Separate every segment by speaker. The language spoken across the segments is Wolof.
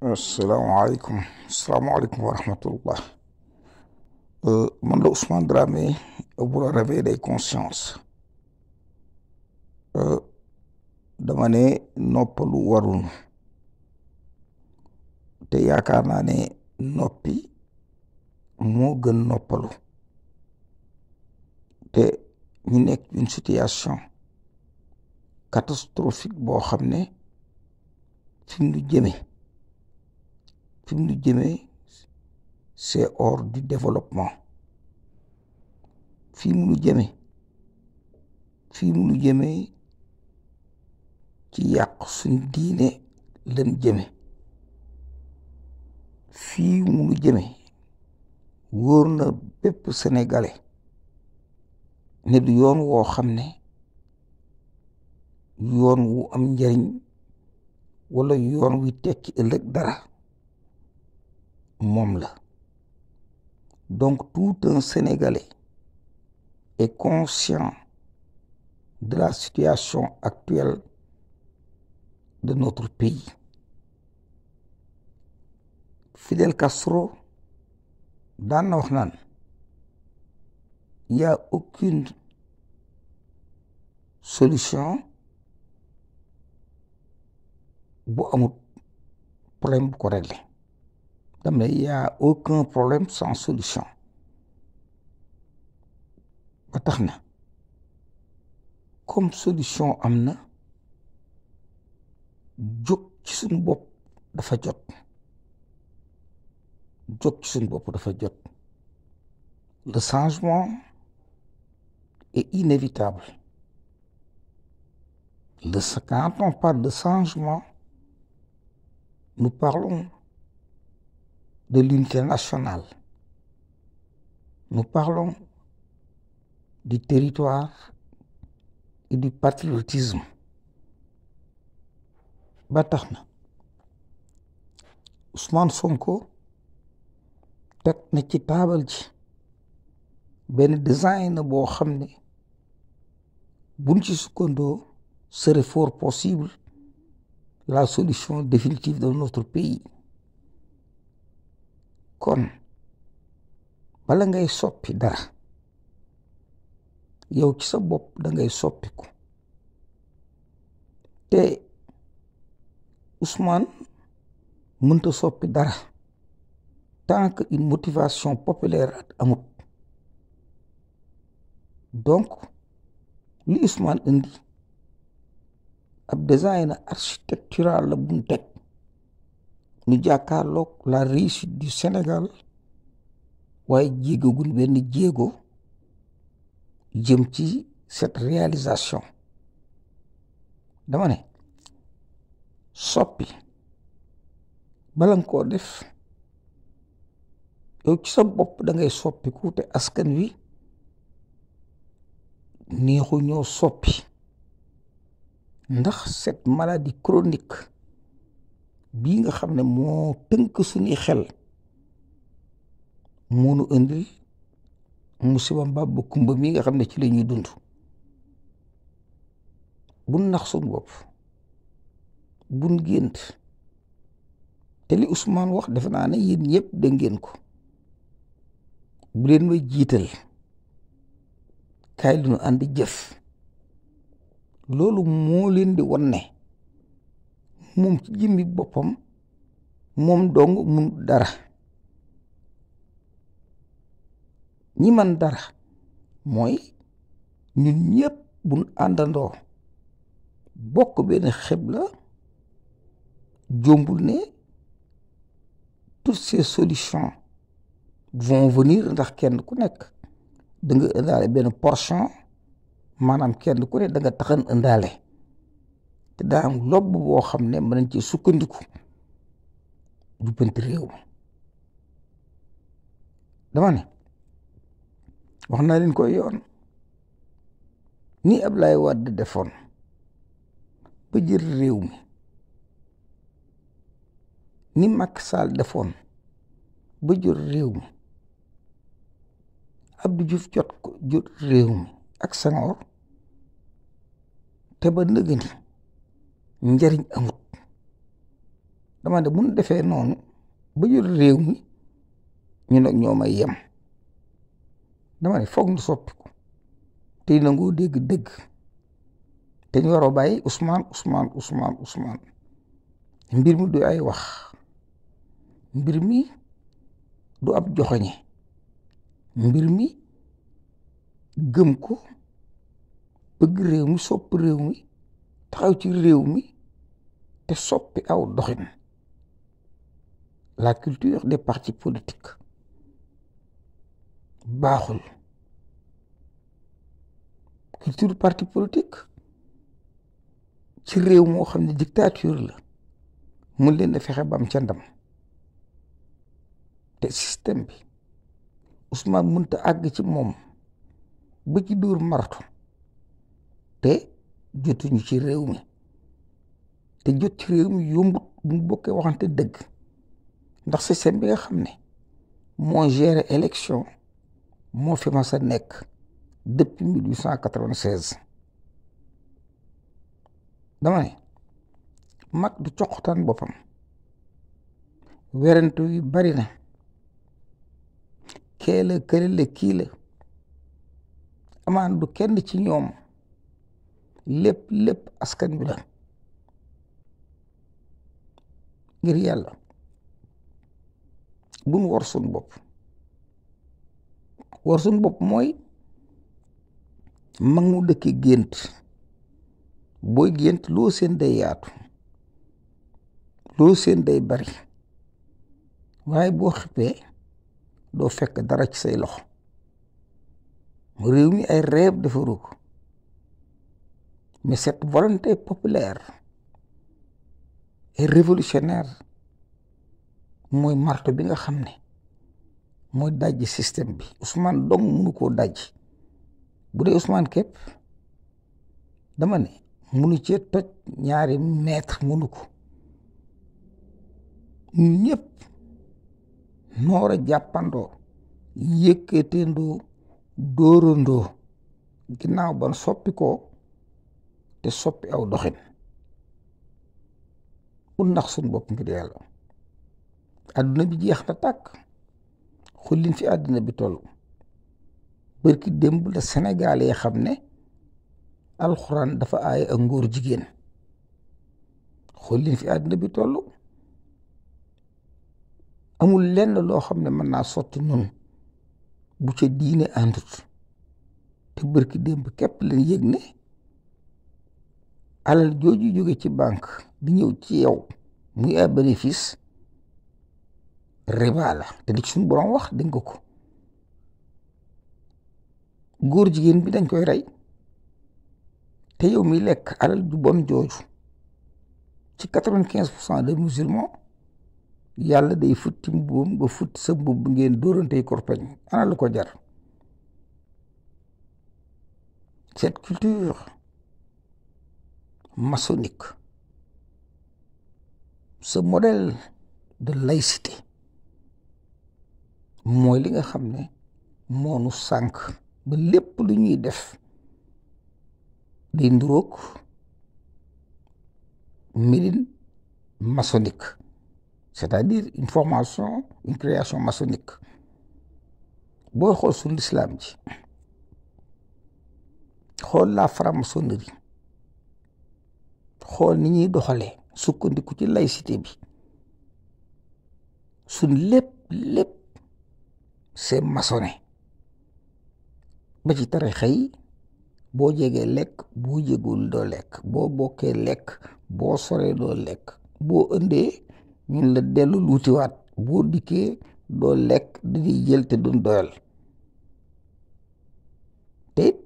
Speaker 1: asalaamaaleykum asalaamaaleykum wa rahmatullah euh, man la Ousmane Dramé bu la réveil des consciences euh, dama ne noppalu warun te yaakaar naa ne noppi moo gën noppalu te ñu nekk une situation catastrophique boo xam ne fi fi mu nu c'est hors développement fii mu nu jëmee ci yàq suñ diine lan jëme fii mu nu jëmee wóor na bépp sénégalais ne du yoon woo xam ne yoon wu am njariñ wala yoon wi tekki ëllëg dara moom la donc tout un Sénégalais est conscient de la situation actuelle de notre pays. Fidel Castro daan na wax naan il n'y solution bu amut problème bu ko Donc, il n'y a aucun problème sans solution. ba tax na comme solution am na jóg ci bopp dafa jot jóg ci bopp dafa jot le changement est inévitable le quand on parle de changement nous parlons de l'unité nationale. Nous parlon du territoire et du patriotisme. ba tax na Ousmane Sonko teg na ci taabal ji benn design boo xam ne buñ ci sukkandoo serait fort possible la solution définitive de notre pays kon mm. bala ngay soppi dara yow ci sa bopp dangay soppiku te Ousmane mënta soppi dara tant que une motivation populaire at amut donc li Ousmane indi ab design architectural la bu teg ñu jàkkaarloog la réussite du Sénégal waaye jéegaguñ benn jéego jëm ci cette dama ne soppi bala koo def yow ci sa bopp dangay ngay soppiku te askan wi neexu ñëw soppi ndax cette maladie chronique bii nga xam ne moo tënk suñuy xel moo nu indil musiba mbàbb kumba mii nga xam ne ci la ñuy dund bun nax suñ bopp bun gént te li Ousmane wax defe na ne yéen ñëpp da ngeen ko bu leen ma jiital kaay lu nu ànd jëf loolu moo leen di wan ne moom ci jëmmi boppam moom dong mun dara ñi man dara mooy ñun ñëpp buñ àndandoo bokk benn xibla jombul ne toutes ces solutions vont venir ndax kenn ku nekk da nga benn portion maanaam kenn ku ne da nga taxan indaale te daa am lobb boo xam ne mën nañ ci sukkandiku jubbanti réew mi dama ne wax naa leen koy yoon ni Ablaye Wade defoon ba jël réew mi ni Macky Sall defoon ba jël réew mi Abdou jot ko jot réew mi ak Senghor te ba njariñ amut dama ne bu defee noonu ba jël réew mi ñu nag ñoo may yem dama ne foog nu soppi ko tey nangoo dégg dëgg te ñu waroo bàyyi Ousmane Ousmane Ousmane Ousmane mbir mi du ay wax mbir mi du ab joxoñe mbir mi gëm ko bëgg réew mi sopp réew mi taxaw ci réew mi te soppi aw doxin la culture des partis politiques baaxul culture parti politique ci réew moo xam ne dictature la mun leen a fexe ba am ca te système bi Ousmane mënta àgg ci moom ba ci dóor marto te jotuñu ci réew mi te jot ci yombut bu ñu waxante dëgg ndax système bi nga xam ne moo géré élection moo fi mas nekk depuis mille huit cent quatre-vingt-seize dama ne mag du coqataan boppam werante yu bari na kee la du kenn ci ñoom lépp lépp askan bi la ngir yàlla bu war suñ bopp war suñ bopp mooy mag nu dëkke gént booy gént loo seen day yaatu loo seen day bari waaye boo xippee doo fekk dara ci say loxo réew mi ay rêve defaru ko mais cette volonté populaire et révolutionnaire mooy marto bi nga xam ne mooy dajji système bi Ousmane dong munu koo dajji bu dee Ousmane képp dama ne munu cee toj ñaari mètre munu ko ñëpp noor jàppandoo yëkkateendoo dóorandoo ginnaaw ban soppi ko te soppi aw doxin un ndax suñ bopp ngir yàlla àdduna bi jeex na tàkk xullin fi àdduna bi toll bërki démb la Sénégal yi xam ne alxuraan dafa aaye ak ngóor jigéen xullin fi àdduna bi toll amul lenn loo xam ne mën naa sotti nun bu ca diine àndut te bërki démb képp lañ yëg ne alal jooju jóge ci banque di ñëw ci yow muy ay bénéfice riba la te li ci suñu borom wax dénk ko góor jigéen bi dañ koy rey te yow mi lekk alal ju bon jooju ci quatre-vingt-quinze pour cent des musulmans yàlla day futti mbuum ba futti sa bi ngeen dóorantey korpeñ ana lu ko jar cette culture maçonnique ce modèle de laïcité mooy li nga xam ne moonu sànq ba lépp lu ñuy def di nduróog médine maçonnique c'est-à-dire une formation création maçonnique booy xool sur l'islam ji xool la franc-maçonnerie xool ni ñuy doxalee sukkandiku ci laïcité bi suñ lépp lépp c'est maçonné ba ci tarixa yi boo jegee lekk boo jegul doo lekk boo bokkee lekk boo soree doo lekk boo ëndee ñun la dellu luutiwaat boo dikkee doo lekk dañuy jël te duñ doyal te it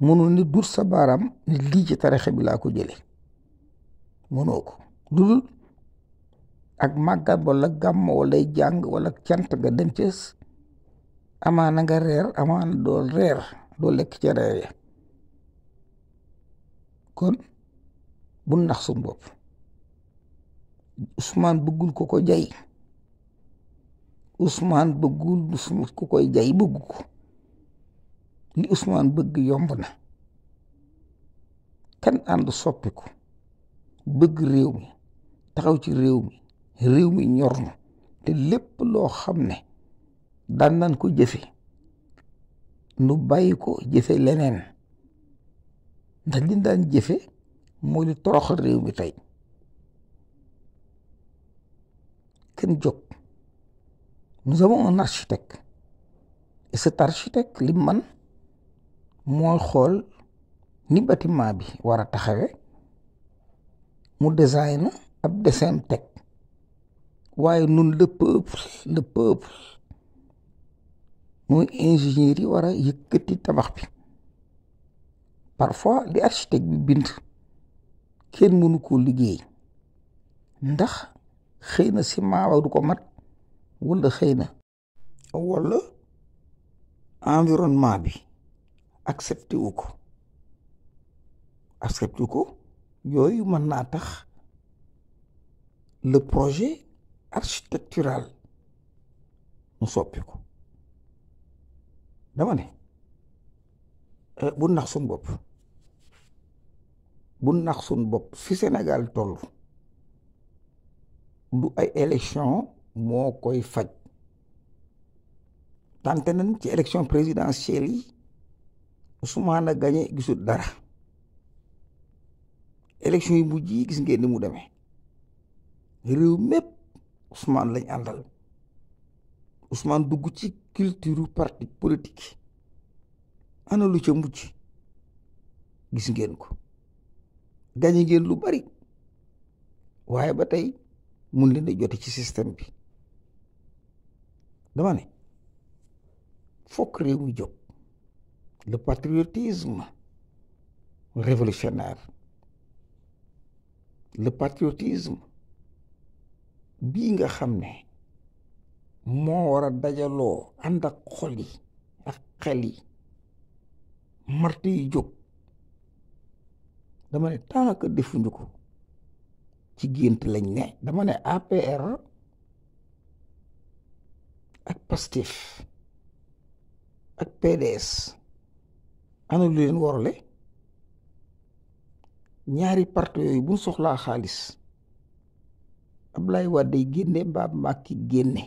Speaker 1: mënul ni dur sa baaraam ni lii ci tarixa bi laa ko jële mënoo dudul ak màggat wala gàmm wala jàng wala cant nga dem ci amaana nga reer amaana doo reer doo lekk ca reere kon bu nax suñ bopp Ousmane bëggul ko ko jay Ousmane bëggul ko koy jay bëgg ko li bëgg yomb na kan ànd soppiku bëgg réew mi taxaw ci réew mi réew mi ñor te lépp loo xam ne daan nan ko jëfe nu bàyyi ko jëfe leneen ndax liñ daan jëfe moo di toroxal réew mi tey kenn jóg nous avons un architecte li man moo xool ni bâtiment bi war a taxawe mu design ab dessin teg waaye nun le peuple le peuple mooy ingénieur yi war a yëkkati tabax bi parfois di architecte bi bind kenn mënu koo liggéey ndax xëy na ciment wa du ko mat wala xëy na wala environnement bi accepté wu ko accepté wu ko yooyu mën naa tax le projet architectural mu soppi ko dama ne eh, bu nax suñ bopp bu nax suñ bopp si Sénégal toll du ay élection moo koy faj tante nañ ci élection présidentielle yi Ousmane a gañe gisul dara élection yi mujj yi gis ngeen ni mu demee réew mépp Ousmane lañ àndal Ousmane dugg ci culture parti politique ana lu ca mucc gis ngeen ko gañe ngeen lu bari waaye ba tey mun leen di jote ci système bi dama ne fokk réew mi jóg le patriotisme révolutionnaire le bii nga xam ne moo war a dajaloo ànd ak xol yi ak xel yi marti yi jóg dama ne tant que defuñu ci gént lañ ne dama ne APR ak PASTEF ak PDS ana lu leen warale ñaari parti yooyu buñ soxlaa xaalis lay Wade day génne mbaa Macky génne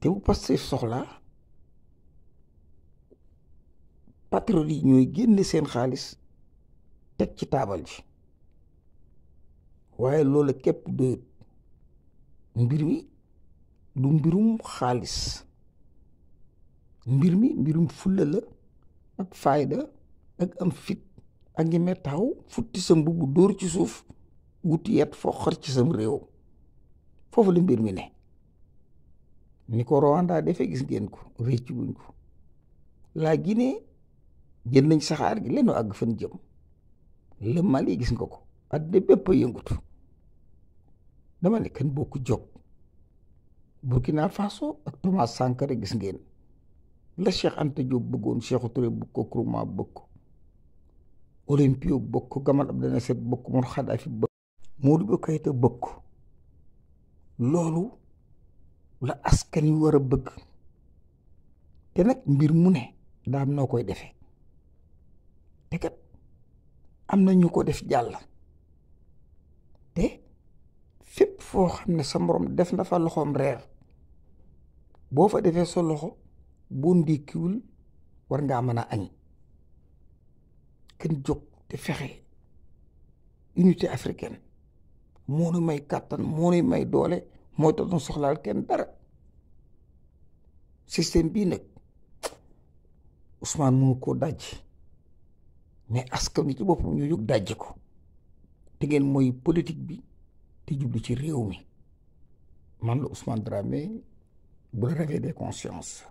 Speaker 1: te bu Pastef soxla patriote yi ñooy génne seen xaalis teg ci taabal ji waaye loolu képp doyut mbir mi du mbirum xaalis mbir mi mbirum fulla la ak fayda ak am fit ak ngi taxaw futti sa mbubb dóor ci suuf wuti yet foo xar ci sam réew foofu la mbir mi ne ni ko Rwanda defee gis ngeen ko réccu wuñ ko laa Guinée jël nañ saxaar gi lenu àgg fan jëm le Mali gis nga ko àddina bépp a yëngutu dama ne kan bokk jóg Burkina Faso ak Thomas Sankara gis ngeen la Cheikh Anta Diop bëggoon Sékou Touré bëgg ko Nkrumah bëgg ko Olympio bëgg ko Gamal Abdel Nasser bëgg ko Mouammar Kadhafi Modibo Keïta bëgg loolu la askan wi war a bëgg te nag mbir mu ne daam noo koy defee te kat am na ñu ko def jàlla te fépp foo xam ne sa moroom def na fa loxoom reer boo fa defee sa loxo boo ndékkiwul war ngaa mën a añ kenn jóg te fexe unité africaine moo nu may kàttan moo nu may doole mooy tax nu soxlaal kenn dara système bii nag Ousmane mënu koo dajj mais askan wi ci boppam ñu jóg dajj ko te ngeen mooy politique bi te jublu ci réew mi man la Ousmane Dramé bu la réveillé de consciences